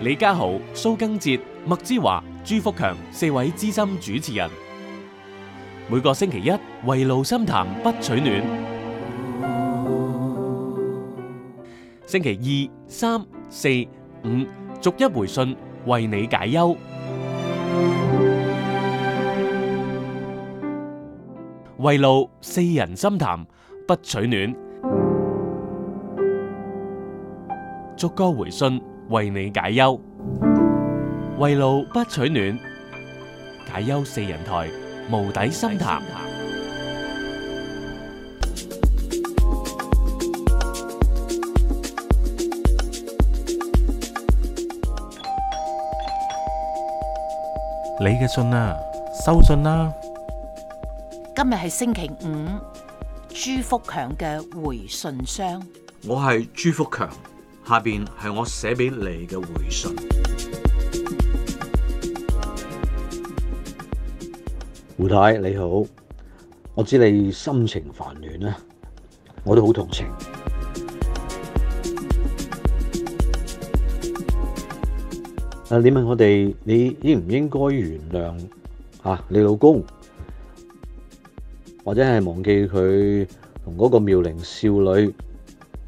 李家豪、蘇更哲、麥之華、朱福強四位資深主持人，每個星期一圍爐心談不取暖，星期二、三、四、五逐一回信為你解憂，圍爐四人心談不取暖，逐個回信。為你解憂，圍爐不取暖。解憂四人台，無底深潭。你嘅信啊，收信啦、啊。今日係星期五，朱福強嘅回信箱。我係朱福強。下面係我寫俾你嘅回信，胡太你好，我知你心情煩亂呀，我都好同情。誒，你問我哋，你應唔應該原諒啊？你老公或者係忘記佢同嗰個妙齡少女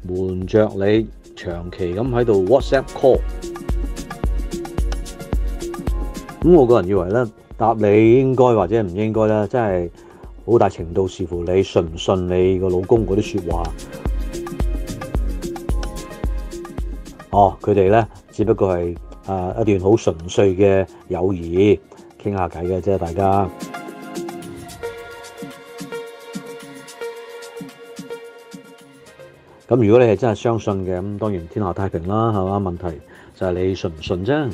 瞞着你？長期咁喺度 WhatsApp call，咁我個人以為咧，答你應該或者唔應該咧，真係好大程度視乎你信唔信你個老公嗰啲說話。哦，佢哋咧，只不過係啊一段好純粹嘅友誼，傾下偈嘅啫，大家。咁如果你係真係相信嘅，咁當然天下太平啦，係嘛？問題就係你信唔信啫。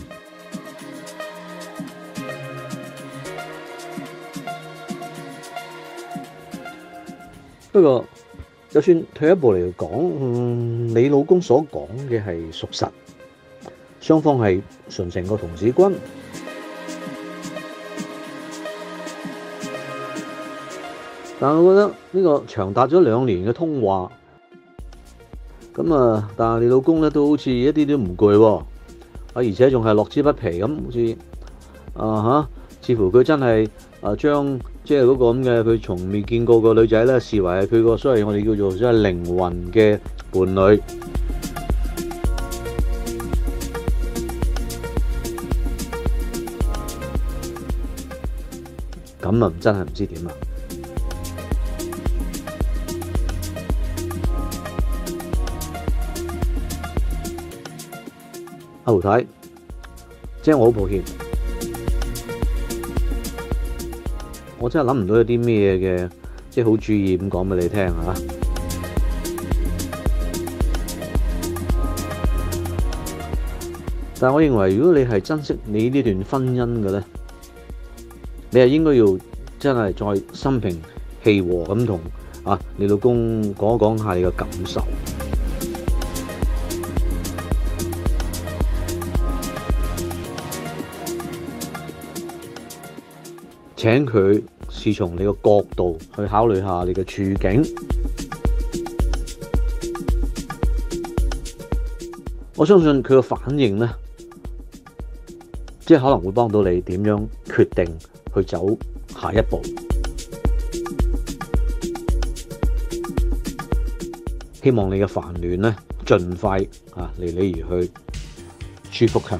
不過就算退一步嚟講，嗯，你老公所講嘅係屬實，雙方係純成個童子軍。但係我覺得呢個長達咗兩年嘅通話。咁啊！但係你老公咧都好似一啲都唔攰喎，啊！而且仲係樂之不疲咁，好似啊嚇，似乎佢真係啊將即係嗰個咁嘅佢從未見過個女仔咧，視為係佢個，所謂我哋叫做即係靈魂嘅伴侶。咁啊，真係唔知點啊！胡太，即係我好抱歉，我真係諗唔到有啲咩嘅，即係好注意咁講俾你聽吓。但係我認為，如果你係珍惜你呢段婚姻嘅咧，你係應該要真係再心平氣和咁同啊你老公講一講下你嘅感受。請佢試從你個角度去考慮一下你嘅處境，我相信佢嘅反應呢，即可能會幫到你點樣決定去走下一步。希望你嘅煩亂呢，盡快啊離你而去，朱福強。